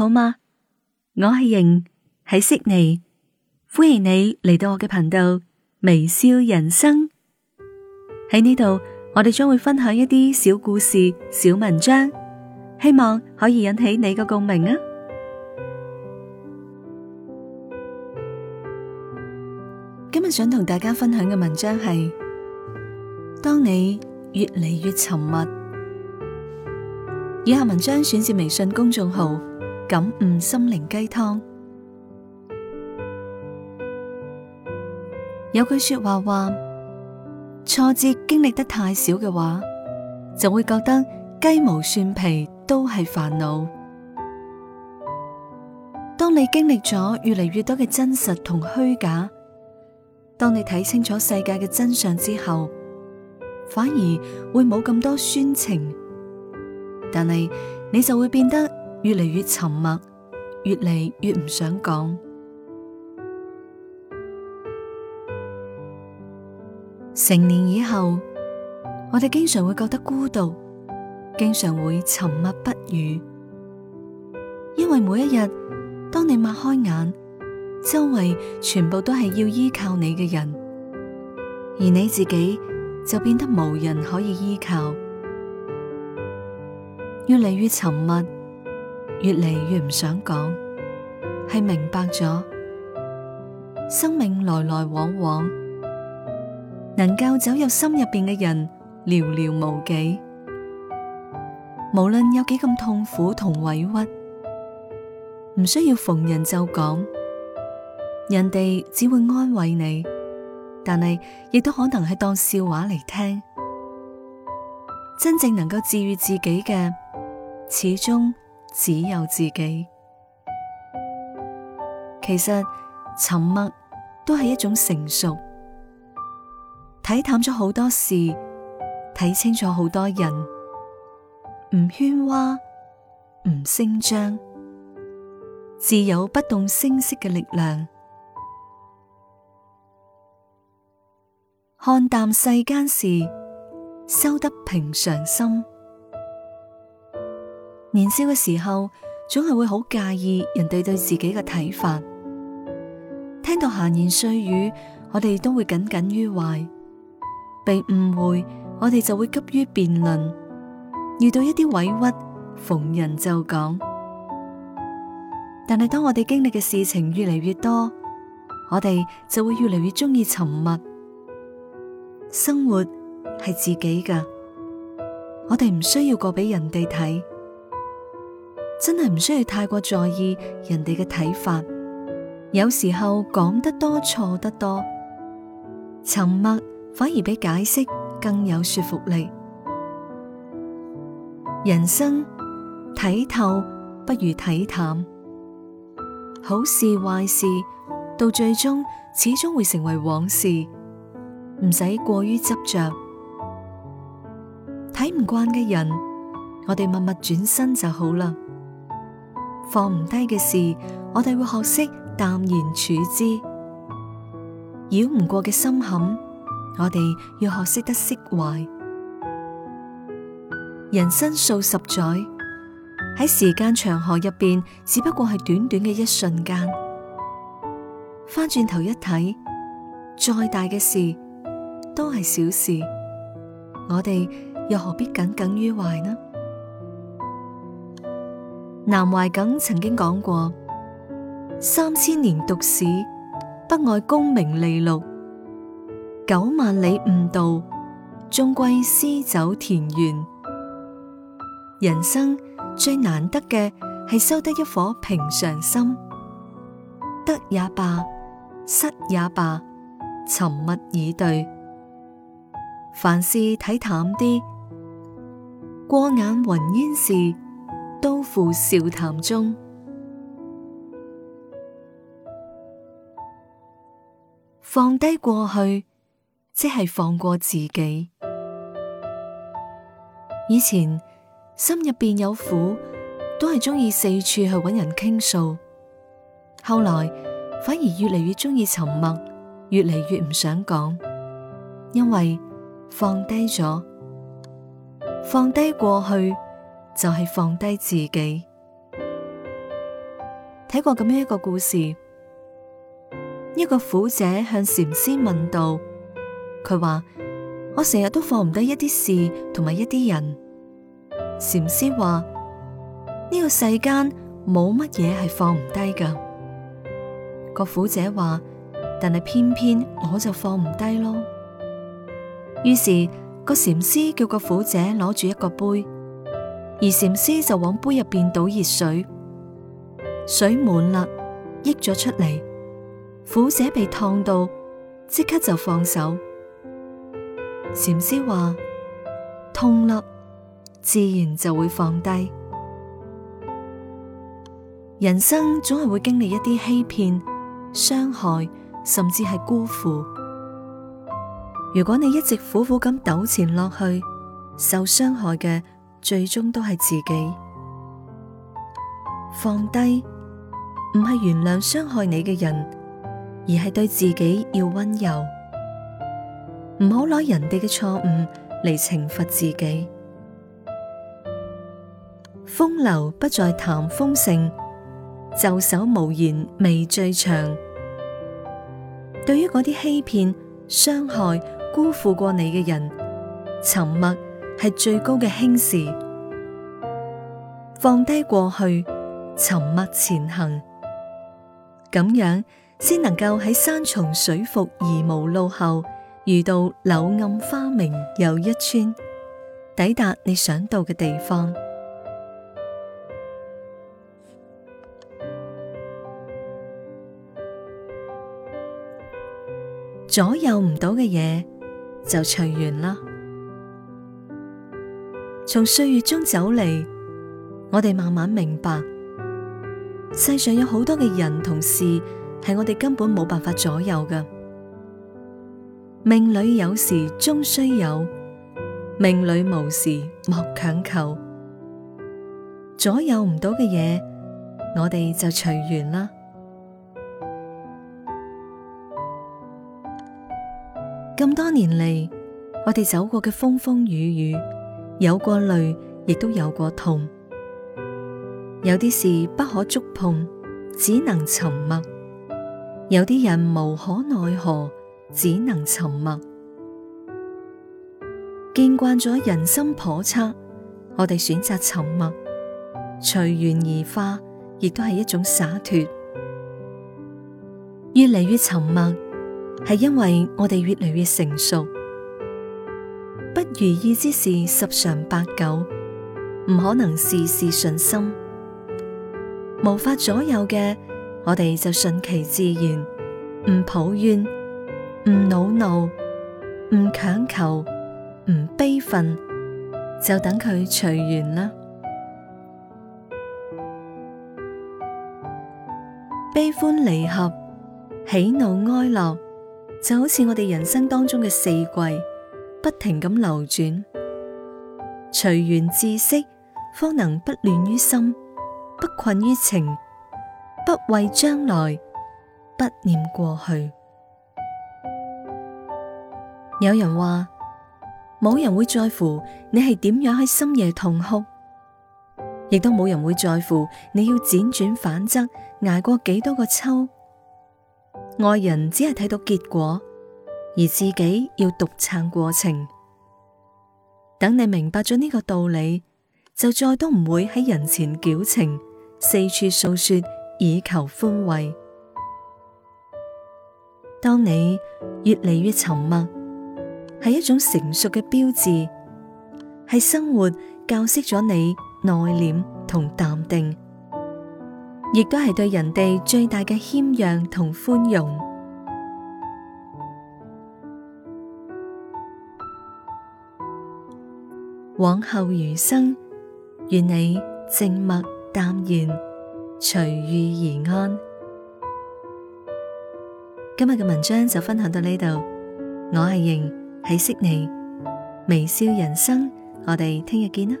好嗎？我係瑩，喺悉尼，歡迎你嚟到我嘅頻道微笑人生。喺呢度，我哋將會分享一啲小故事、小文章，希望可以引起你嘅共鳴啊！今日想同大家分享嘅文章係：當你越嚟越沉默。以下文章選自微信公眾號。感悟心靈雞湯，有句說話話：挫折經歷得太少嘅話，就會覺得雞毛蒜皮都係煩惱。當你經歷咗越嚟越多嘅真實同虛假，當你睇清楚世界嘅真相之後，反而會冇咁多酸情，但係你就會變得。越嚟越沉默，越嚟越唔想講。成年以後，我哋經常會覺得孤獨，經常會沉默不語。因為每一日，當你擘開眼，周圍全部都係要依靠你嘅人，而你自己就變得無人可以依靠。越嚟越沉默。越嚟越唔想講，係明白咗生命來來往往，能夠走入心入邊嘅人寥寥無幾。無論有幾咁痛苦同委屈，唔需要逢人就講，人哋只會安慰你，但係亦都可能係當笑話嚟聽。真正能夠治癒自己嘅，始終。只有自己，其實沉默都係一種成熟，睇淡咗好多事，睇清楚好多人，唔喧嘩，唔聲張，自有不動聲色嘅力量，看淡世間事，修得平常心。年少嘅時候，總係會好介意人哋對自己嘅睇法。聽到閒言碎語，我哋都會耿耿於懷；被誤會，我哋就會急於辯論；遇到一啲委屈，逢人就講。但係當我哋經歷嘅事情越嚟越多，我哋就會越嚟越中意沉默。生活係自己嘅，我哋唔需要過俾人哋睇。真係唔需要太過在意人哋嘅睇法，有時候講得多錯得多，沉默反而比解釋更有說服力。人生睇透不如睇淡，好事壞事到最終始終會成為往事，唔使過於執着。睇唔慣嘅人，我哋默默轉身就好啦。放唔低嘅事，我哋會學識淡然處之；繞唔過嘅心坎，我哋要學識得釋懷。人生數十載，喺時間長河入邊，只不過係短短嘅一瞬間。翻轉頭一睇，再大嘅事都係小事，我哋又何必耿耿於懷呢？南懷瑾曾經講過：三千年讀史，不外功名利祿；九萬里悟道，終歸詩酒田園。人生最難得嘅係收得一顆平常心，得也罷，失也罷，沉默以對。凡事睇淡啲，過眼雲煙事。都付笑談中，放低過去即係放過自己。以前心入邊有苦，都係中意四處去搵人傾訴。後來反而越嚟越中意沉默，越嚟越唔想講，因為放低咗，放低過去。就係放低自己。睇過咁樣一個故事，一個苦者向禪師問道，佢話我成日都放唔低一啲事，同埋一啲人。禪師話呢個世間冇乜嘢係放唔低噶。個苦者話，但係偏偏我就放唔低咯。於是個禪師叫個苦者攞住一個杯。而禪師就往杯入邊倒熱水，水滿啦，溢咗出嚟，苦者被燙到，即刻就放手。禪師話：痛啦，自然就會放低。人生總係會經歷一啲欺騙、傷害，甚至係辜負。如果你一直苦苦咁糾纏落去，受傷害嘅。最終都係自己放低，唔係原諒傷害你嘅人，而係對自己要溫柔，唔好攞人哋嘅錯誤嚟懲罰自己。風流不在談風性，袖手無言未最長。對於嗰啲欺騙、傷害、辜負過你嘅人，沉默，係最高嘅輕視，放低過去，沉默前行，咁樣先能夠喺山重水複而無路後，遇到柳暗花明又一村，抵達你想到嘅地方。左右唔到嘅嘢，就隨緣啦。從歲月中走嚟，我哋慢慢明白，世上有好多嘅人同事係我哋根本冇辦法左右嘅。命裏有時終須有，命裏無時莫強求。左右唔到嘅嘢，我哋就隨緣啦。咁多年嚟，我哋走過嘅風風雨雨。有過累，亦都有過痛。有啲事不可觸碰，只能沉默；有啲人無可奈何，只能沉默。見慣咗人心叵測，我哋選擇沉默，隨緣而化，亦都係一種灑脫。越嚟越沉默，係因為我哋越嚟越成熟。不如意之事十常八九，唔可能事事順心，無法左右嘅，我哋就順其自然，唔抱怨，唔惱怒，唔強求，唔悲憤，就等佢隨緣啦。悲歡離合，喜怒哀樂，就好似我哋人生當中嘅四季。不停咁流轉，隨緣自適，方能不亂於心，不困於情，不畏將來，不念過去。 有人話：冇人會在乎你係點樣喺深夜痛哭，亦都冇人會在乎你要輾轉反側挨過幾多個秋。愛人只係睇到結果。而自己要獨撐過程，等你明白咗呢個道理，就再都唔會喺人前矯情，四處訴說以求寬慰。當你越嚟越沉默，係一種成熟嘅標誌，係生活教識咗你內斂同淡定，亦都係對人哋最大嘅謙讓同寬容。往後餘生，願你靜默淡然，隨遇而安。今日嘅文章就分享到呢度，我係瑩，喺悉尼微笑人生，我哋聽日見啦。